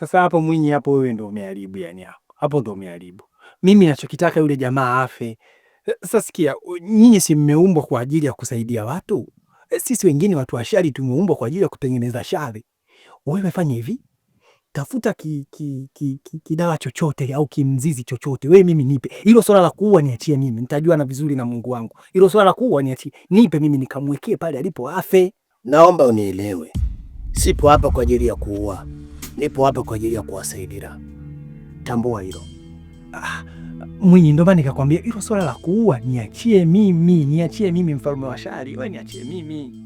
Sasa hapo Mwinyi, hapo wewe ndo umeharibu yani, hapo hapo ndo umeharibu. Mimi nachokitaka yule jamaa afe. Sasa sikia, nyinyi si mmeumbwa kwa ajili ya kusaidia watu? Eh, sisi wengine watu wa shari tumeumbwa kwa ajili ya kutengeneza shari. Wewe fanya hivi, tafuta ki, ki, ki, ki, kidawa chochote au kimzizi chochote, wewe mimi nipe hilo swala la kuua, niachie mimi, nitajua na vizuri na Mungu wangu. Hilo swala la kuua niachie, nipe mimi nikamwekee pale alipo afe. Naomba unielewe, sipo hapa kwa ajili ya kuua nipo hapa kwa ajili ya kuwasaidia. Tambua hilo. Ah, Mwinyi, ndo maana nikakwambia hilo swala la kuua niachie mimi, niachie mimi, mfalme wa shari, wewe niachie mimi.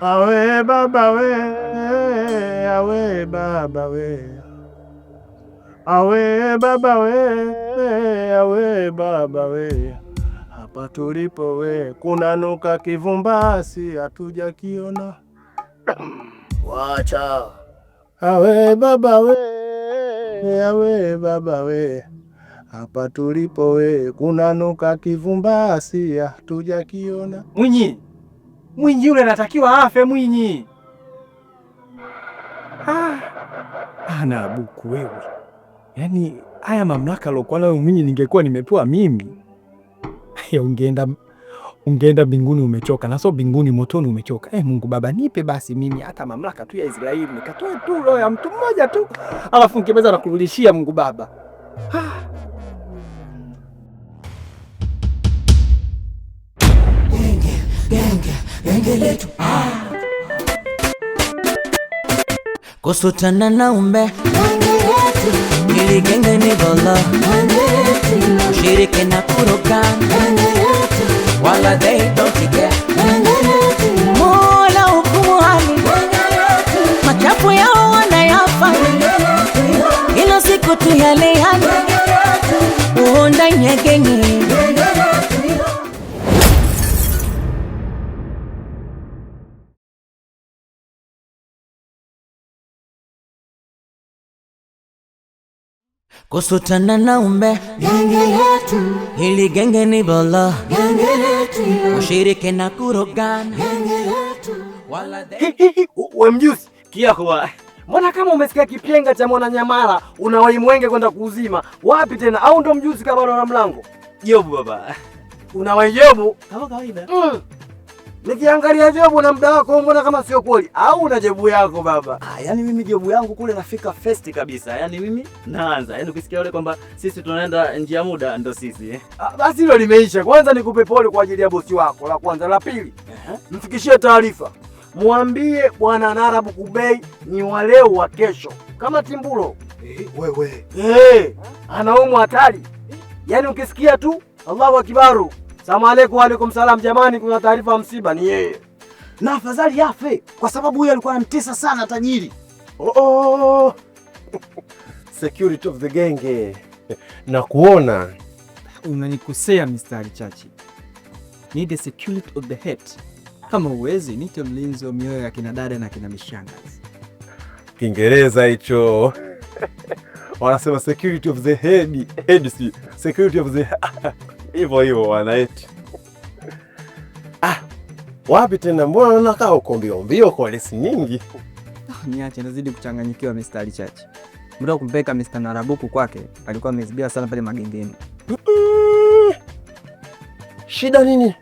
Awe baba we, awe baba we, awe baba we, awe baba we hapa tulipo we kunanuka kivumbasi, hatuja kiona wacha awe baba we awe baba we hapa tulipo we kunanuka kivumbasi, atuja kiona. Mwinyi Mwinyi yule anatakiwa afe. Mwinyi ah, ana buku wewe, yaani haya mamlaka aliokuwa nayo Mwinyi ningekuwa nimepewa mimi ya ungeenda ungeenda mbinguni umechoka, na sio mbinguni motoni umechoka. Eh, Mungu Baba, nipe basi mimi hata mamlaka tu ya Israeli, nikatoe tu roho ya mtu mmoja tu, alafu nikiweza nakurudishia Mungu Baba. Genge, genge, genge letu kusutana na umbe, genge letu, genge ni bala ushiriki na kuroga, wala they Mola hukumu hali, machafu yao wanayafanya, ilo siku tuyaleana uonda nyegenye Kusutana na umbe genge letu, hili genge ni bolo genge letu, ushirike na kurogana genge letu, wala we mjusi kiakoa. Mbona kama umesikia kipyenga cha mwana nyamara unawaimwenge kwenda kuuzima wapi tena? Au ndo mjusi kama unaona mlango jobu baba, unawajobu kama kawaida mm. Nikiangalia jebu na muda wako mbona kama sio kweli, au una jebu yako baba? Ah, yani mimi jebu yangu kule nafika first kabisa, yani mimi naanza. Yani ukisikia yule kwamba sisi tunaenda njia ya muda ndo sisi eh. Ah, basi hilo limeisha. Kwanza nikupe pole kwa ajili ya bosi wako, la kwanza. La pili, uh -huh. mfikishie taarifa, mwambie bwana Narabu Kubei ni wa leo wa kesho kama timbulo eh, wewe eh, anaumwa hatari, yani ukisikia tu Allahu Akbaru Salamu alaikum. Wa salam. Jamani, kuna taarifa msiba, ni yeye na afadhali afe kwa sababu huyo alikuwa anamtesa sana tajiri. oh -oh. oh, oh, oh. Security of the gang na kuona unanikosea mistari Alichachi. ni the security of the head. Kama uwezi nite mlinzi wa mioyo ya kina dada na kina mishanga Kiingereza hicho wanasema security of the head, head, security of the hivyo hivyo eti. Ah, wapi tena? Mbona naona kaa uko mbio mbio kwa lesi nyingi. Ah, niache nazidi kuchanganyikiwa Mr. Alichachi. Mbona kumpeka Mr. Narabuku kwake alikuwa amezibia sana pale magengeni. Shida nini?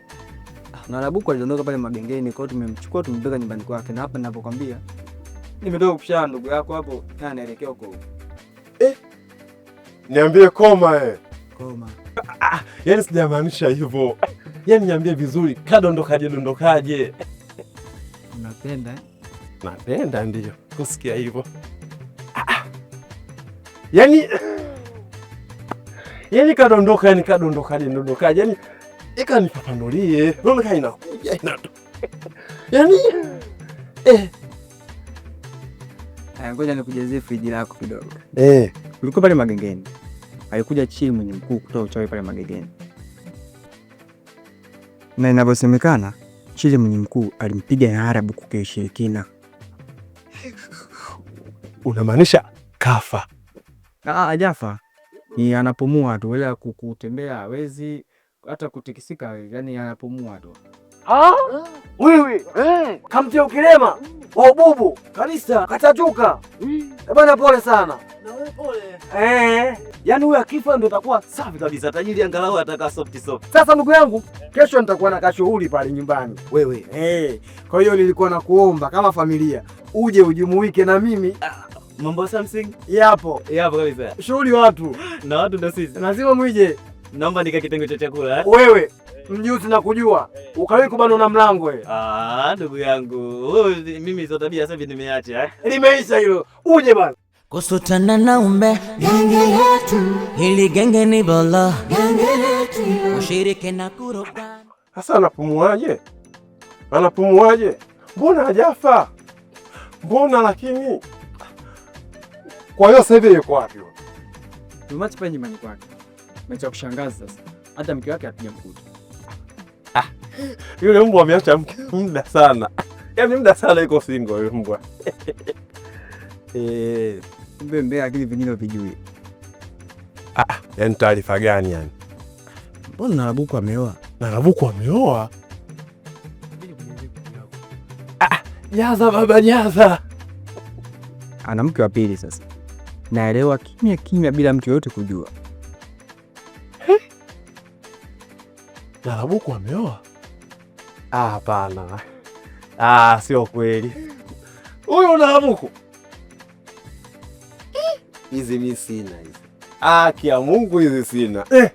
Ah, Narabuku alidondoka pale magengeni, kwa hiyo tumemchukua tumpeka nyumbani kwake, na hapa ninapokwambia nimetoka kushana ndugu yako hapo na anaelekea huko. Eh, niambie koma eh. Koma. Ah, yani sijamaanisha hivyo. Yani niambie vizuri, kadondokaje dondokaje? Unapenda? Napenda ndiyo. Kusikia hivyo. Ah, ah, yani yani kadondoka, yani kadondokaje dondokaje? Yani ikanifafanulie. Naona kama inakuja inato. Yani eh, ngoja nikujazie friji lako kidogo. Eh, ulikuwa pale magengeni? alikuja chini mwenye mkuu kutoa uchawi pale Magegeni, na inavyosemekana Chile mwenye mkuu alimpiga Arabu kukishirikina Unamaanisha kafa? Ah, ah jafa ni anapumua tu, wala kutembea hawezi, hata kutikisika hawezi, yani anapumua tu. Ah, wewe eh, kamtia ukilema wa ububu kanisa katatuka. Hmm. Eh, bana, pole sana. Na wewe pole. Eh. Yaani huyu akifa ndio itakuwa safi kabisa, tajiri angalau ataka soft soft. Sasa ndugu yangu, kesho nitakuwa na kashughuli pale nyumbani wewe. Eh, kwa hiyo nilikuwa nakuomba kama familia uje ujumuike na mimi. Ah, Mambo something? yapo eh, yapo kabisa, shughuli watu na watu ndio sisi, lazima mwije. Naomba nika kitengo cha chakula eh? Wewe mjuzi na kujua ukawahi kubanwa na mlango wewe. Eh? Ah, ndugu yangu mimi hizo tabia sasa hivi nimeacha eh? Limeisha hilo, uje bana kusutana na umbe genge letu, hili genge ni bolo, genge letu, ushirike na kuroga. Sasa anapumuaje? Anapumuaje? Mbona hajafa? Mbona lakini? Kwa hiyo sasa hivi yuko wapi? Tumati nyumbani kwake. Mecha kushangaza sasa. Hata mke wake hatujamkuta. Ah. Yule mbwa ameacha mke muda sana. Yaani muda sana iko single yule mbwa. Eh kumbe mbea lakini vingine vijui. Ah, yani taarifa gani yani? Mbona Narabuku ameoa? Narabuku ameoa? Ah, nyaza baba nyaza Ana mke wa pili sasa. Naelewa kimya kimya bila mtu yoyote kujua. Hey. Narabuku ameoa? Ah, hapana. Ah, sio kweli. huyu Narabuku hizi mi sina hizi, haki ya Mungu hizi sina eh,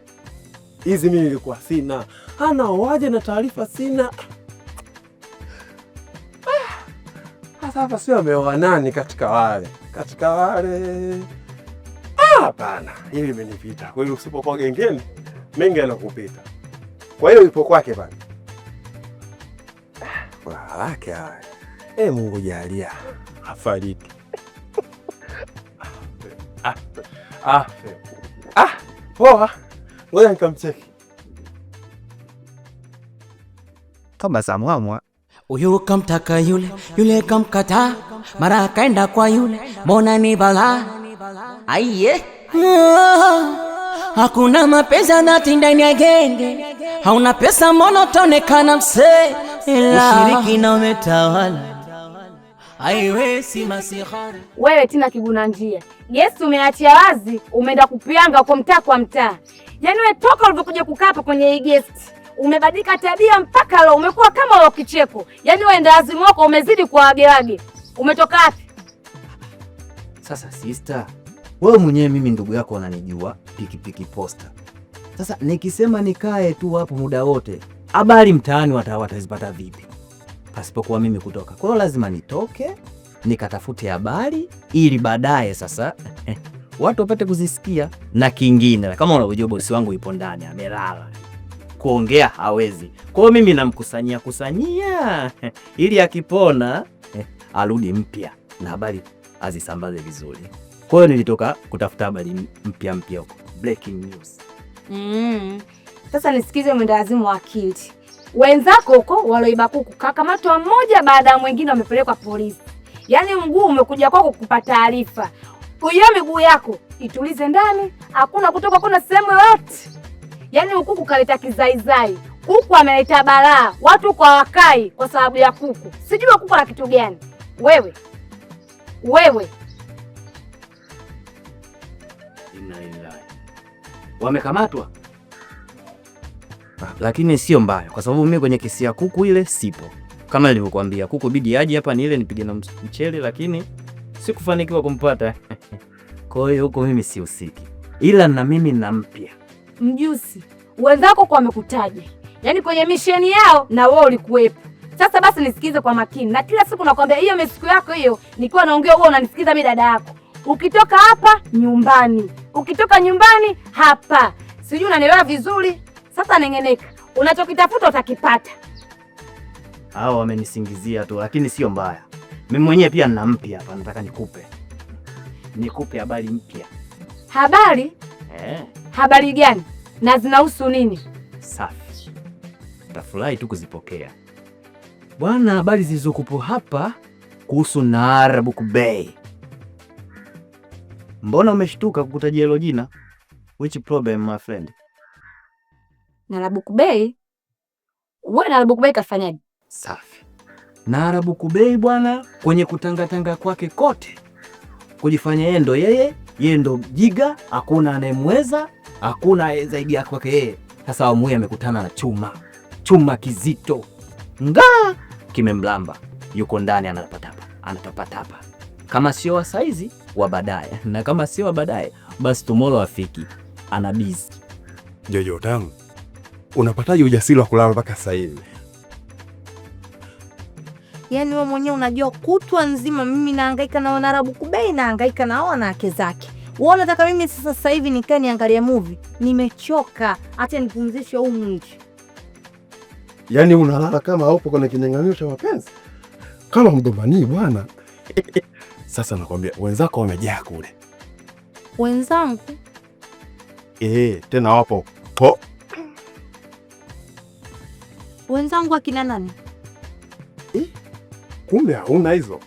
hizi eh, mi nilikuwa sina ana waje na taarifa sina ah, hasa ah, hapa sio ameoa nani katika wale katika wale ah, hapana, ah, hili limenipita kweli. Usipokuwa gengeni mengi yanakupita, kwa hiyo ipo kwake bana wake ah, haya. Eh, Mungu jalia afariki Ah, ah, poa. Ngoja nikamcheki kama zamwamwa. Huyu kamtaka yule, yule kamkata mara akaenda kwa yule, mbona ni balaa. Aiye, ah, hakuna mapenzi dhati ndani ya genge, hauna pesa mbona utaonekana msela. Ushiriki na umetawala masihari Wewe tena kibuna njia gesi umeachia wazi, umeenda kupianga kwa mtaa kwa mtaa. Yaani wewe toka ulivyokuja kukaa hapa kwenye hii gesti umebadilika tabia mpaka leo umekuwa kama leo kicheko. Yaani wewe enda umezidi kwa wagerage. Umetoka wapi? Sasa sister, wewe mwenyewe mimi ndugu yako unanijua pikipiki posta. Sasa nikisema nikae tu hapo muda wote, habari mtaani watawatazipata vipi? pasipokuwa mimi kutoka. Kwa hiyo lazima nitoke nikatafute habari ili baadaye sasa watu wapate kuzisikia. Na kingine, kama unavyojua bosi wangu ipo ndani amelala, kuongea hawezi. Kwa hiyo mimi namkusanyia kusanyia ili akipona arudi mpya na habari azisambaze vizuri. Kwa hiyo nilitoka kutafuta habari mpya mpya huko, breaking news. Mm. Sasa nisikize mwendawazimu wa akili wenzako huko waloiba kuku kakamatwa mmoja baada ya mwingine, wamepelekwa polisi. Yaani mguu umekuja kwako kupa taarifa. uyo miguu yako itulize ndani, hakuna kutoka, kuna sehemu yoyote. Yaani ukuku kaleta kizaizai, kuku ameleta balaa, watu kwa wakai kwa sababu ya kuku. Sijui kuku na kitu gani? Wewe wewe, inna wamekamatwa hapa, lakini sio mbaya, kwa sababu mimi kwenye kesi ya kuku ile sipo. Kama nilivyokuambia, kuku bidi aje hapa ni ile nipige na mchele, lakini sikufanikiwa kumpata kwa hiyo huko mimi sihusiki, ila na mimi na mpya mjusi wenzako kwa wamekutaja, yaani kwenye misheni yao na wewe ulikuwepo. Sasa basi nisikize kwa makini, na kila siku nakwambia hiyo misiku yako hiyo, nikiwa naongea wewe unanisikiza mimi dada yako. Ukitoka hapa nyumbani, ukitoka nyumbani hapa, sijui unanielewa vizuri sasa nengeneka, unachokitafuta utakipata. Hao wamenisingizia tu, lakini sio mbaya. Mimi mwenyewe pia nina mpya hapa, nataka nikupe nikupe habari mpya. Habari eh? Habari gani na zinahusu nini? Safi, tafurahi tu kuzipokea bwana. Habari zilizokupo hapa kuhusu Narabuku Bay. Mbona umeshtuka kukutajia hilo jina? Which problem my friend? na Rabuku Bey. Wewe na Bey kafanyaje? Safi. Na Bey bwana, kwenye kutangatanga kwake kote kujifanya yeye ndo yeye, yeye ndo jiga, hakuna anayemweza, hakuna zaidi ya kwake yeye. Sasa Wamwei amekutana na chuma, chuma kizito nga kimemlamba, yuko ndani anatapatapa, anatapatapa kama sio wa saizi wa baadaye, na kama sio wa baadaye basi tomolo afiki, ana bizi jojo tangu unapataje ujasiri wa kulala mpaka sasa hivi? Yaani wewe mwenyewe unajua kutwa nzima mimi naangaika na wanarabu kubei, nahangaika na wanawake zake. Wewe unataka mimi sasa sasa hivi nikae niangalie movie? Nimechoka, acha nipumzishe huu mwili. Yaani unalala kama upo kwenye kinyang'anyiro cha mapenzi kama mgombanii bwana. Sasa nakwambia wenzako wamejaa kule. Wenzangu eh, tena wapo wenzangu akina nani? Eh, kumbe hauna hizo.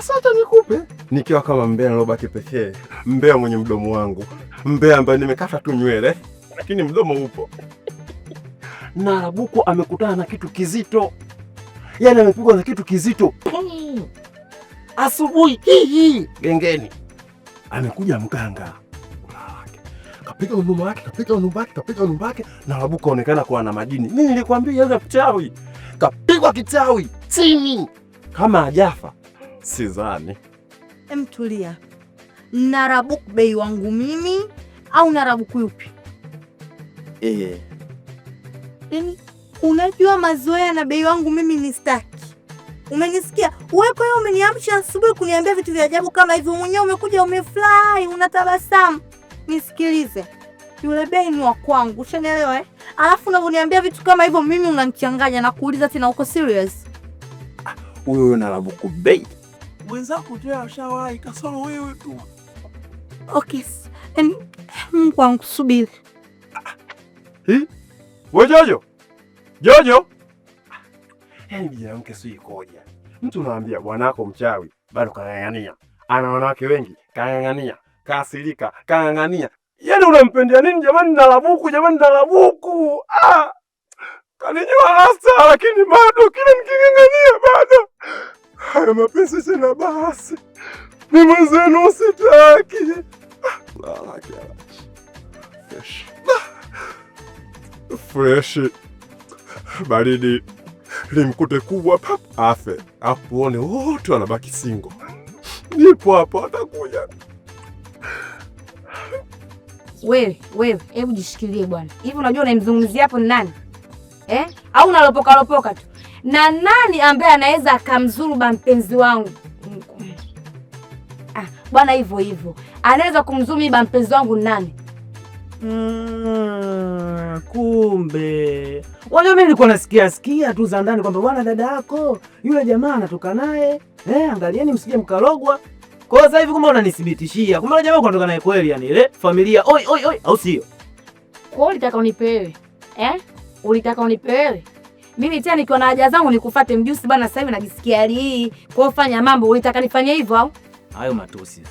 Sasa nikupe nikiwa kama mbea nilobaki pekee, mbea mwenye mdomo wangu, mbea ambaye nimekata tu nywele lakini mdomo upo. Narabuku amekutana na kitu kizito, yaani amepigwa na kitu kizito asubuhi hii hii gengeni. Amekuja mganga kapiga unyumba wake, kapiga unyumba wake, kapiga unyumba wake, na Labuka kaonekana kuwa na majini. Mimi nilikwambia yeye kichawi, kapigwa kichawi chini, kama ajafa sidhani. Emtulia, Narabuku bei wangu mimi au Narabuku yupi? Eh, yaani unajua mazoea na bei wangu mimi ni staki, umenisikia wewe? Kwa hiyo umeniamsha asubuhi kuniambia vitu vya ajabu kama hivyo, mwenyewe umekuja umefly, unatabasamu nisikilize, yule bei ni wa kwangu, ushanielewa eh? Alafu unavyoniambia vitu kama hivyo, mimi unanichanganya na kuuliza tena, uko serious? Huyo ah, huyo Narabuku bei mwenzako tu ashawahi kasoro wewe tu. Okay, Mungu wangu, subiri ah, eh? we Jojo, Jojo ah, yaani mke sio ikoja. mtu unaambia bwanako mchawi, bado kang'ang'ania, ana wanawake wengi, kang'ang'ania kaasirika, kang'ang'ania. Yani unampendea nini jamani? Nalabuku jamani, nalabuku ah! Kanijua hasa lakini bado kile niking'ang'ania bado haya mapenzi tena, basi ni mwenzenu sitaki. Ah, Freshi ah, baridi limkute kubwa pap afe, apuone wote wanabaki singo. Nipo hapo atakuja. Wewe wewe, hebu jishikilie bwana. Hivi unajua unamzungumzia hapo ni nani eh? Au unalopoka lopoka tu? Na nani ambaye anaweza ba mpenzi wangu? Ah, bwana hivyo hivyo, anaweza ba mpenzi wangu nani? Mm, kumbe wajua, mimi nilikuwa nasikia sikia tu za ndani kwamba bwana dada yako yule jamaa anatoka naye eh, angalieni msije mkalogwa kwa hiyo sasa hivi kumbe unanithibitishia. Kumbe na jamaa kuondoka naye kweli yani ile eh, familia. Oi oi oi au sio? Kwa hiyo ulitaka unipewe. Eh? Ulitaka unipewe. Mimi tena nikiwa na haja zangu nikufuate mjusi bwana, sasa hivi najisikia hali hii. Kwa hiyo fanya mambo, ulitaka nifanye hivyo au? Hayo matusi.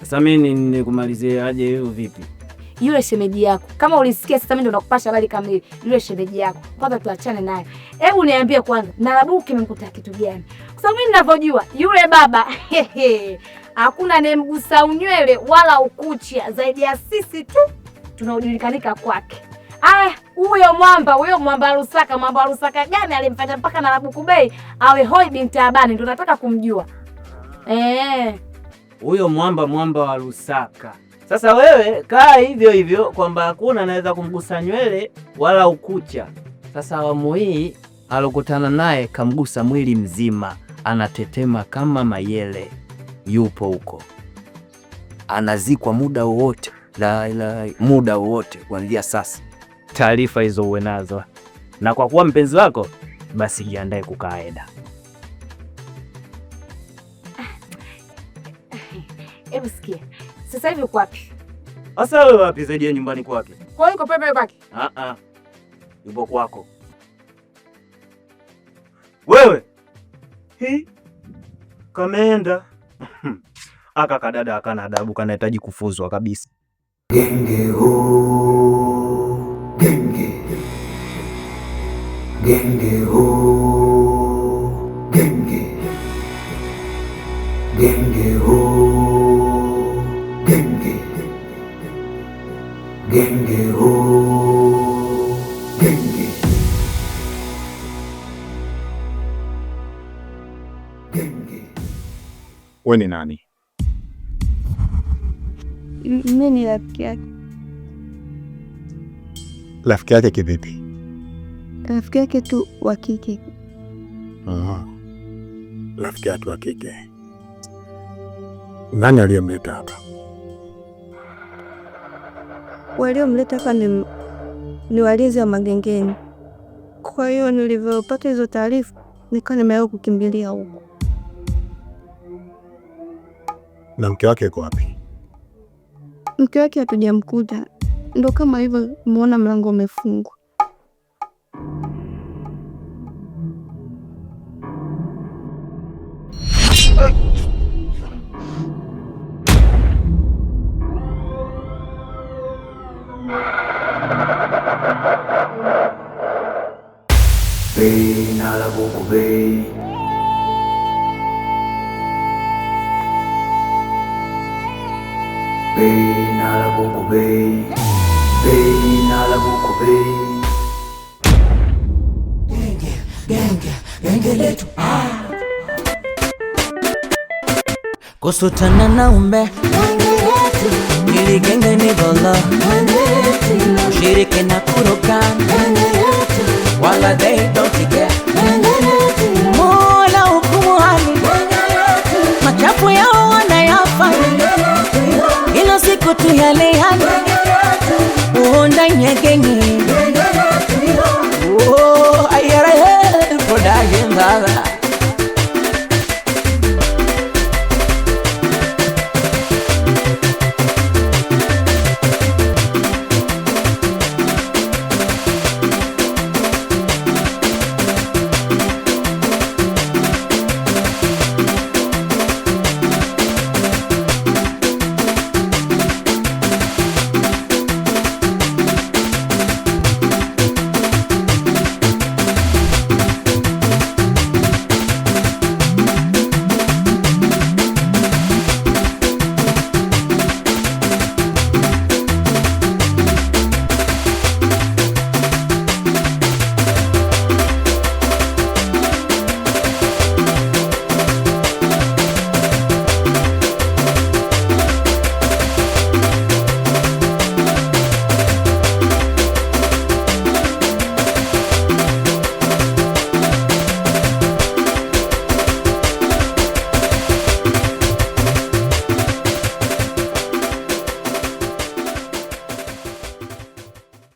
Sasa mimi nikumalizie aje hiyo vipi? Yule shemeji yako kama ulisikia, sasa mimi ndo nakupasha habari kamili. Yule shemeji yako kwanza tuachane naye, hebu niambie kwanza, Narabuki nimekuta kitu gani? So mimi ninavyojua yule baba hakuna anemgusa unywele wala ukucha zaidi ya sisi tu tunaojulikanika kwake. Aya, huyo mwamba huyo mwamba Rusaka, mwamba Rusaka gani alimfanya mpaka na Rabuku Bey awe hoi binti Abani? Ndio nataka kumjua ah. eh. huyo mwamba mwamba wa Rusaka. Sasa wewe kaa hivyo hivyo kwamba hakuna anaweza kumgusa nywele wala ukucha. Sasa awamu hii alokutana naye kamgusa mwili mzima anatetema kama mayele, yupo huko, anazikwa muda wowote, la, la, muda wowote kuanzia sasa. Taarifa hizo uwe nazo, na kwa kuwa mpenzi wako, basi jiandae kukaeda. Ah, hebu sikia. Sasa hivi uko wapi? Sasa wewe wapi zaidi ya nyumbani kwake? Kwa hiyo pepe kwake? Ah, ah. Yupo kwako. Wewe kameenda aka kadada akana adabu, kanahitaji kufuzwa kabisa. Genge ho genge genge ho wewe ni nani? Mimi ni rafiki yake. Rafiki yake kivipi? Rafiki yake tu wa kike. Rafiki yake wa kike. Nani aliyemleta hapa? Waliomleta hapa ni, ni walinzi wa magengeni. Kwa hiyo nilivyopata hizo taarifa nikawa nimewahi kukimbilia huko. Na mke wake yuko wapi? Mke wake hatujamkuta, ndo kama hivyo, umeona mlango umefungwa. genge letu ah. Kusutana na umbe ili genge ni bolo, ushiriki na kuruka wala they don't care. Mola hukumu hali, machafu yao wanayafa, ilo siku tu yale yale uonda nyegenge agendada